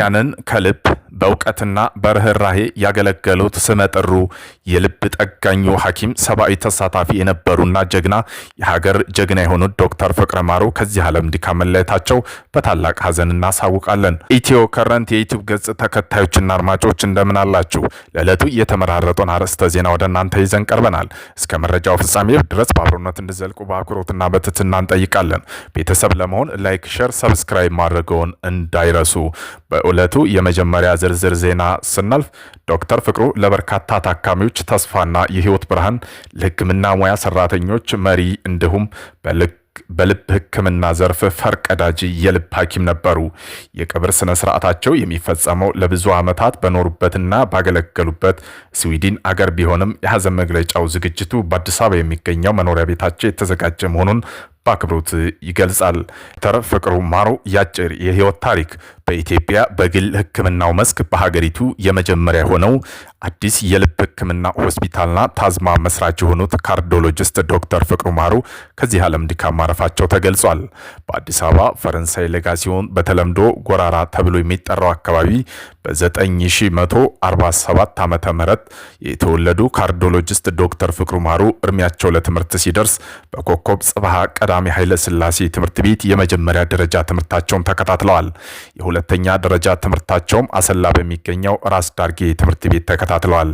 ያንን ከልብ በእውቀትና በርኅራሄ ያገለገሉት ስመጥሩ የልብ ጠጋኙ ሐኪም ሰብአዊ ተሳታፊ የነበሩና ጀግና የሀገር ጀግና የሆኑት ዶክተር ፍቅረ ማሩ ከዚህ ዓለም ድካም መለየታቸው በታላቅ ሐዘን እናሳውቃለን። ኢትዮ ከረንት የዩቲዩብ ገጽ ተከታዮችና አድማጮች እንደምን አላችሁ? ለዕለቱ እየተመራረጡን አርዕስተ ዜና ወደ እናንተ ይዘን ቀርበናል። እስከ መረጃው ፍጻሜ ድረስ በአብሮነት እንዲዘልቁ በአክብሮትና በትትና እንጠይቃለን። ቤተሰብ ለመሆን ላይክ፣ ሸር፣ ሰብስክራይብ ማድረገውን እንዳይረሱ። በዕለቱ የመጀመሪያ ዝርዝር ዜና ስናልፍ ዶክተር ፍቅሩ ለበርካታ ታካሚዎች ተስፋና የህይወት ብርሃን ለህክምና ሙያ ሰራተኞች መሪ እንዲሁም በልክ በልብ ህክምና ዘርፍ ፈርቀዳጅ የልብ ሐኪም ነበሩ። የቀብር ስነ ስርዓታቸው የሚፈጸመው ለብዙ ዓመታት በኖሩበትና ባገለገሉበት ስዊድን አገር ቢሆንም የሐዘን መግለጫው ዝግጅቱ በአዲስ አበባ የሚገኘው መኖሪያ ቤታቸው የተዘጋጀ መሆኑን በአክብሮት ይገልጻል። ተር ፍቅሩ ማሮ ያጭር የህይወት ታሪክ በኢትዮጵያ በግል ሕክምናው መስክ በሀገሪቱ የመጀመሪያ የሆነው አዲስ የልብ ሕክምና ሆስፒታልና ታዝማ መስራች የሆኑት ካርዲዮሎጂስት ዶክተር ፍቅሩ ማሩ ከዚህ ዓለም ድካም ማረፋቸው ተገልጿል። በአዲስ አበባ ፈረንሳይ ሲሆን፣ በተለምዶ ጎራራ ተብሎ የሚጠራው አካባቢ በ9147 ዓ ም የተወለዱ ካርዲዮሎጂስት ዶክተር ፍቅሩ ማሩ እድሜያቸው ለትምህርት ሲደርስ በኮከብ ጽባሃ ቀዳ ቀዳሚ ኃይለ ስላሴ ትምህርት ቤት የመጀመሪያ ደረጃ ትምህርታቸውን ተከታትለዋል። የሁለተኛ ደረጃ ትምህርታቸውም አሰላ በሚገኘው ራስ ዳርጌ ትምህርት ቤት ተከታትለዋል።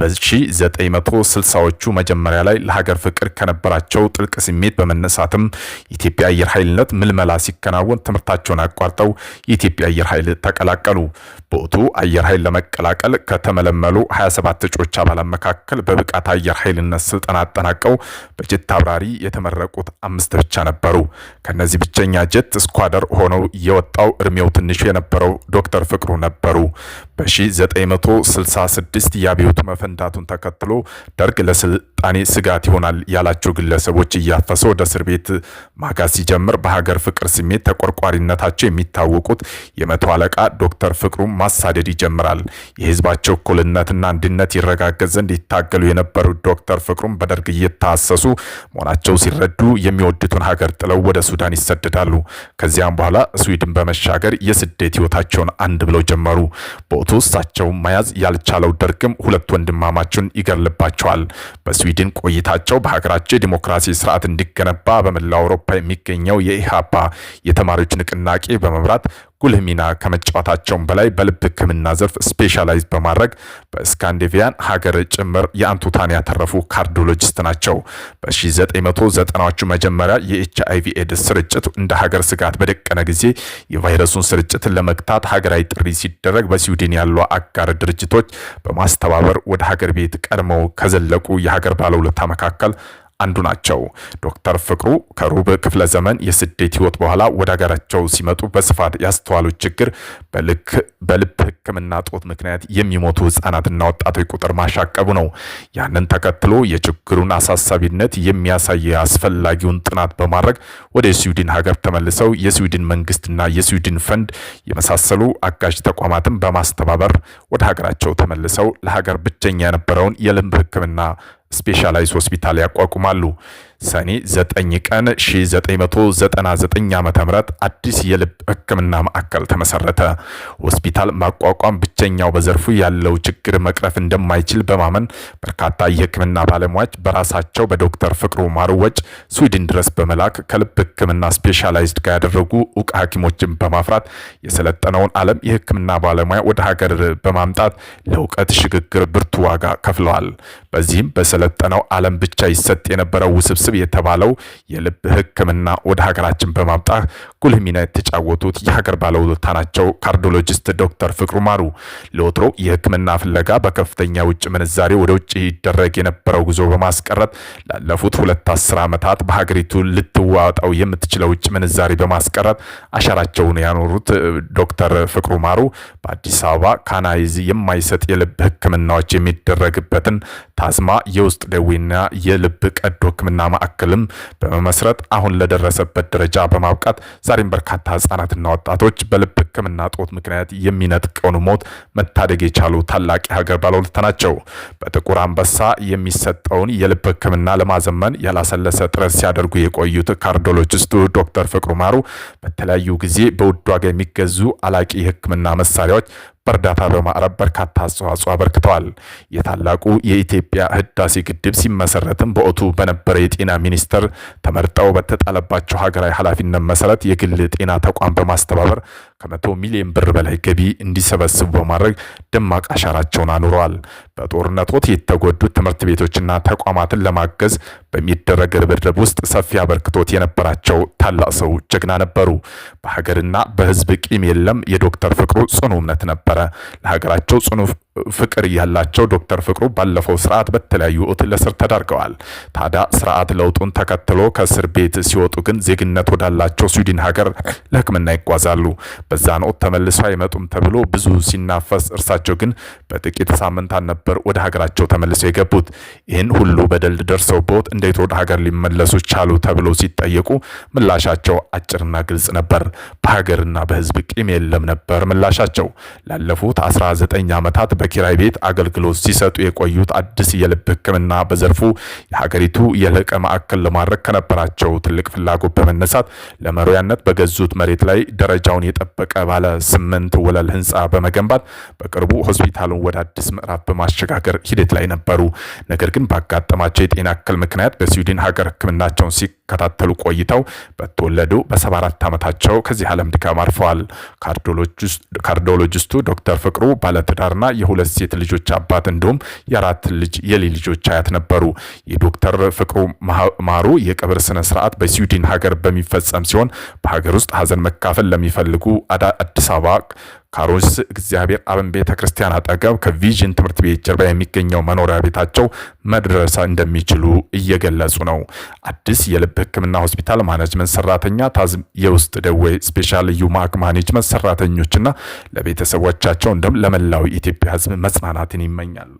በ1960ዎቹ መጀመሪያ ላይ ለሀገር ፍቅር ከነበራቸው ጥልቅ ስሜት በመነሳትም የኢትዮጵያ አየር ኃይልነት ምልመላ ሲከናወን ትምህርታቸውን አቋርጠው የኢትዮጵያ አየር ኃይል ተቀላቀሉ። በወቅቱ አየር ኃይል ለመቀላቀል ከተመለመሉ 27 እጩዎች አባላት መካከል በብቃት አየር ኃይልነት ስልጠና አጠናቀው በጀት አብራሪ የተመረቁት አምስት ብቻ ነበሩ። ከነዚህ ብቸኛ ጀት ስኳደር ሆነው የወጣው እድሜው ትንሹ የነበረው ዶክተር ፍቅሩ ነበሩ። በ1966 የአብዮቱ መፈንዳቱን ተከትሎ ደርግ ስልጣኔ ስጋት ይሆናል ያላቸው ግለሰቦች እያፈሰ ወደ እስር ቤት ማጋዝ ሲጀምር በሀገር ፍቅር ስሜት ተቆርቋሪነታቸው የሚታወቁት የመቶ አለቃ ዶክተር ፍቅሩ ማሳደድ ይጀምራል። የህዝባቸው እኩልነትና አንድነት ይረጋገጥ ዘንድ ይታገሉ የነበሩት ዶክተር ፍቅሩም በደርግ እየታሰሱ መሆናቸው ሲረዱ የሚወድቱን ሀገር ጥለው ወደ ሱዳን ይሰደዳሉ። ከዚያም በኋላ ስዊድን በመሻገር የስደት ህይወታቸውን አንድ ብለው ጀመሩ። በወቅቱ እሳቸውን መያዝ ያልቻለው ደርግም ሁለት ወንድማማቸውን ይገርልባቸዋል። በስዊ ስዊድን ቆይታቸው በሀገራቸው የዲሞክራሲ ስርዓት እንዲገነባ በመላው አውሮፓ የሚገኘው የኢህአፓ የተማሪዎች ንቅናቄ በመምራት ጉልህ ሚና ከመጫወታቸውም በላይ በልብ ሕክምና ዘርፍ ስፔሻላይዝ በማድረግ በስካንዲቪያን ሀገር ጭምር የአንቱታን ያተረፉ ካርዲዮሎጂስት ናቸው። በ1990ዎቹ መጀመሪያ የኤች አይቪ ኤድስ ስርጭት እንደ ሀገር ስጋት በደቀነ ጊዜ የቫይረሱን ስርጭትን ለመግታት ሀገራዊ ጥሪ ሲደረግ በስዊድን ያሉ አጋር ድርጅቶች በማስተባበር ወደ ሀገር ቤት ቀድመው ከዘለቁ የሀገር ባለውለታ መካከል አንዱ ናቸው። ዶክተር ፍቅሩ ከሩብ ክፍለ ዘመን የስደት ህይወት በኋላ ወደ ሀገራቸው ሲመጡ በስፋት ያስተዋሉት ችግር በልብ ህክምና ጦት ምክንያት የሚሞቱ ህጻናትና ወጣቶች ቁጥር ማሻቀቡ ነው። ያንን ተከትሎ የችግሩን አሳሳቢነት የሚያሳይ አስፈላጊውን ጥናት በማድረግ ወደ ስዊድን ሀገር ተመልሰው የስዊድን መንግስትና የስዊድን ፈንድ የመሳሰሉ አጋዥ ተቋማትን በማስተባበር ወደ ሀገራቸው ተመልሰው ለሀገር ብቸኛ የነበረውን የልብ ህክምና ስፔሻላይዝ ሆስፒታል ያቋቁማሉ። ሰኔ 9 ቀን 1999 ዓ.ም አዲስ የልብ ህክምና ማዕከል ተመሰረተ። ሆስፒታል ማቋቋም ብቸኛው በዘርፉ ያለው ችግር መቅረፍ እንደማይችል በማመን በርካታ የህክምና ባለሙያዎች በራሳቸው በዶክተር ፍቅሩ ማሩወጭ ስዊድን ድረስ በመላክ ከልብ ህክምና ስፔሻላይዝድ ጋር ያደረጉ እውቅ ሐኪሞችን በማፍራት የሰለጠነውን ዓለም የህክምና ባለሙያ ወደ ሀገር በማምጣት ለእውቀት ሽግግር ብርቱ ዋጋ ከፍለዋል። በዚህም በሰለጠነው ዓለም ብቻ ይሰጥ የነበረው ውስብስብ ውስብስብ የተባለው የልብ ሕክምና ወደ ሀገራችን በማምጣት ጉልህ ሚና የተጫወቱት የሀገር ባለውለታ ናቸው። ካርዲዮሎጂስት ዶክተር ፍቅሩ ማሩ ለወትሮ የሕክምና ፍለጋ በከፍተኛ ውጭ ምንዛሬ ወደ ውጭ ይደረግ የነበረው ጉዞ በማስቀረት ላለፉት ሁለት አስር ዓመታት በሀገሪቱ ልትዋጠው የምትችለው ውጭ ምንዛሬ በማስቀረት አሻራቸውን ያኖሩት ዶክተር ፍቅሩ ማሩ በአዲስ አበባ ካናይዝ የማይሰጥ የልብ ሕክምናዎች የሚደረግበትን ታዝማ የውስጥ ደዌና የልብ ቀዶ ሕክምና ማዕከልም በመመስረት አሁን ለደረሰበት ደረጃ በማብቃት ዛሬም በርካታ ህጻናትና ወጣቶች በልብ ሕክምና ጦት ምክንያት የሚነጥቀውን ሞት መታደግ የቻሉ ታላቅ የሀገር ባለውለታ ናቸው። በጥቁር አንበሳ የሚሰጠውን የልብ ሕክምና ለማዘመን ያላሰለሰ ጥረት ሲያደርጉ የቆዩት ካርዲዮሎጂስቱ ዶክተር ፍቅሩ ማሩ በተለያዩ ጊዜ በውድ ዋጋ የሚገዙ አላቂ የሕክምና መሳሪያዎች በእርዳታ በማዕረብ በርካታ አስተዋጽኦ አበርክተዋል። የታላቁ የኢትዮጵያ ህዳሴ ግድብ ሲመሰረትም በወቅቱ በነበረ የጤና ሚኒስቴር ተመርጠው በተጣለባቸው ሀገራዊ ኃላፊነት መሰረት የግል ጤና ተቋም በማስተባበር ከመቶ ሚሊዮን ብር በላይ ገቢ እንዲሰበስቡ በማድረግ ደማቅ አሻራቸውን አኑረዋል። በጦርነት ወቅት የተጎዱት ትምህርት ቤቶችና ተቋማትን ለማገዝ በሚደረግ ርብርብ ውስጥ ሰፊ አበርክቶት የነበራቸው ታላቅ ሰው ጀግና ነበሩ። በሀገርና በሕዝብ ቂም የለም የዶክተር ፍቅሩ ጽኑ እምነት ነበረ። ለሀገራቸው ጽኑ ፍቅር ያላቸው ዶክተር ፍቅሩ ባለፈው ስርዓት በተለያዩ ውት ለስር ተዳርገዋል። ታዲያ ስርዓት ለውጡን ተከትሎ ከእስር ቤት ሲወጡ ግን ዜግነት ወዳላቸው ስዊድን ሀገር ለሕክምና ይጓዛሉ። በዛን ወቅት ተመልሰው አይመጡም ተብሎ ብዙ ሲናፈስ፣ እርሳቸው ግን በጥቂት ሳምንታት ነበር ወደ ሀገራቸው ተመልሰው የገቡት። ይህን ሁሉ በደል ደርሰውበት እንዴት ወደ ሀገር ሊመለሱ ቻሉ ተብሎ ሲጠየቁ ምላሻቸው አጭርና ግልጽ ነበር። በሀገርና በህዝብ ቂም የለም ነበር ምላሻቸው ላለፉት 19 ዓመታት በኪራይ ቤት አገልግሎት ሲሰጡ የቆዩት አዲስ የልብ ሕክምና በዘርፉ የሀገሪቱ የልቀ ማዕከል ለማድረግ ከነበራቸው ትልቅ ፍላጎት በመነሳት ለመሮያነት በገዙት መሬት ላይ ደረጃውን የጠበቀ ባለ ስምንት ወለል ህንፃ በመገንባት በቅርቡ ሆስፒታሉን ወደ አዲስ ምዕራፍ በማሸጋገር ሂደት ላይ ነበሩ። ነገር ግን ባጋጠማቸው የጤና እክል ምክንያት በስዊድን ሀገር ሕክምናቸውን ሲከታተሉ ቆይተው በተወለዱ በ74 ዓመታቸው ከዚህ ዓለም ድካም አርፈዋል። ካርዲዮሎጂስቱ ዶክተር ፍቅሩ ባለትዳርና የሁለት ሴት ልጆች አባት እንዲሁም የአራት ልጅ የሌ ልጆች አያት ነበሩ። የዶክተር ፍቅሩ ማሩ የቀብር ስነ ስርዓት በስዊድን ሀገር በሚፈጸም ሲሆን በሀገር ውስጥ ሀዘን መካፈል ለሚፈልጉ አዲስ አበባ ካሮስ እግዚአብሔር አብን ቤተ ክርስቲያን አጠገብ ከቪዥን ትምህርት ቤት ጀርባ የሚገኘው መኖሪያ ቤታቸው መድረስ እንደሚችሉ እየገለጹ ነው። አዲስ የልብ ሕክምና ሆስፒታል ማኔጅመንት ሰራተኛ ታዝም የውስጥ ደዌ ስፔሻል ልዩ ማክ ማኔጅመንት ሰራተኞችና ለቤተሰቦቻቸው እንደም ለመላው ኢትዮጵያ ሕዝብ መጽናናትን ይመኛል።